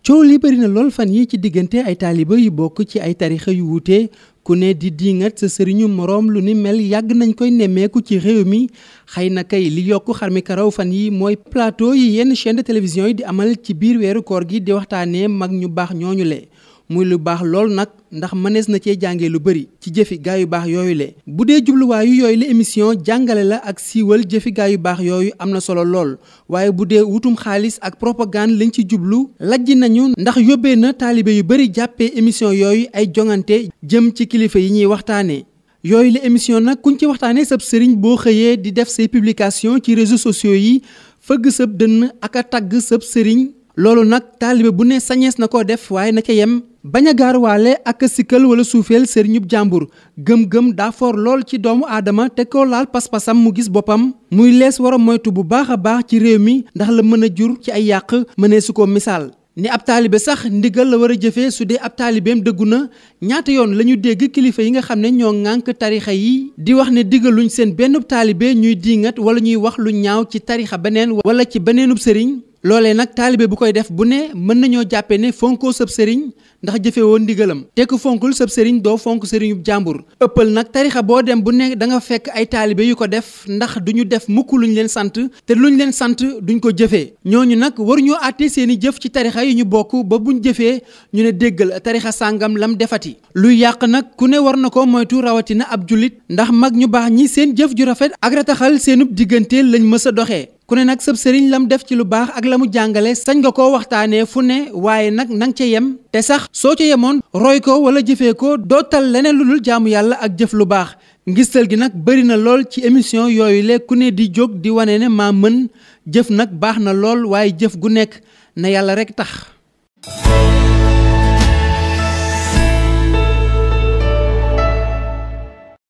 coow li bëri na lool fan yi ci diggante ay taaliba yu bokk ci ay tarixa yu wuute ku ne di diingat sa sëriñu moroom lu ni mel yàgg nañ koy nemmeeku ci réew mi xëy na kay li yokk xar xarmi karaw fan yi mooy plateau yi yenn chaîne de télévision yi di amal ci biir weeru koor gi di waxtaanee mag ñu baax ñooñu le muy lu baax loolu nag ndax mënees na cee jàngee lu bëri ci jëfi gaa yu baax yooyu le bu dee jubluwaayu yooyu le émission jàngale la ak siiwal jëfi gaa yu baax yooyu am na solo lool waaye bu dee wutum xaalis ak propagande lañ ci jublu lajj nañu ndax yóbbe na taalibe yu bëri jàppee émission yooyu ay jongante jëm ci kilifa yi ñuy waxtaanee. yooyu la émission nag kuñ ci waxtaanee sab sëriñ boo xëyee di def say publication ci réseau sociaux yi fëgg sab dënn ak a tagg sab sëriñ loolu nag taalibe bu ne sañees na koo def waaye na yem bañ a gaaruwaale ak sikkal wala suufeel sëriñub jàmbur gëm-gëm daa foor lool ci doomu aadama te ko laal pas-pasam mu gis boppam muy lees war a moytu bu baax a baax ci réew mi ndax la mën a jur ci ay yàq mënee su ko misaal ni ab taalibe sax ndigal la war a jëfee su dee ab taalibeem dëggu na ñaata yoon la ñu dégg kilifa yi nga xam ne ñoo ŋànk tarixa yi di wax ne digaluñ seen benn taalibe ñuy diingat wala ñuy wax lu ñaaw ci tarixa beneen wala ci beneenub sëriñ loolee nag taalibe bu koy def bu ne mën nañoo jàppe ne fonkoo sëb sëriñ ndax jëfe woon ndigalam tekk ku fonkul sëb sëriñ doo fonk sëriñub jàmbur ëppal nag tarixa boo dem bu ne da nga fekk ay taalibe yu ko def ndax duñu def mukk luñ leen sant te luñ leen sant duñ ko jëfee ñooñu nag waruñoo àtte seeni jëf ci tarixa yi ñu bokk ba bu ñu jëfee ñu ne déggal tarixa sàngam lam defati luy yàq nag ku ne war na ko moytu rawatina ab jullit ndax mag ñu baax ñi seen jëf ju rafet ak rataxal seenub diggante lañ mës a doxee ku ne nag sëb sëriñ lam def ci lu baax ak la mu jàngale sañ nga koo waxtaanee fu ne waaye nag nang ca yem te sax soo ca yemoon roy ko wala jëfee ko dootal leneen lu dul jaamu yàlla ak jëf lu baax ngistal gi nag bëri na lool ci émission yooyu le ku ne di jóg di wane ne maa mën jëf nag baax na lool waaye jëf gu nekk na yàlla rek tax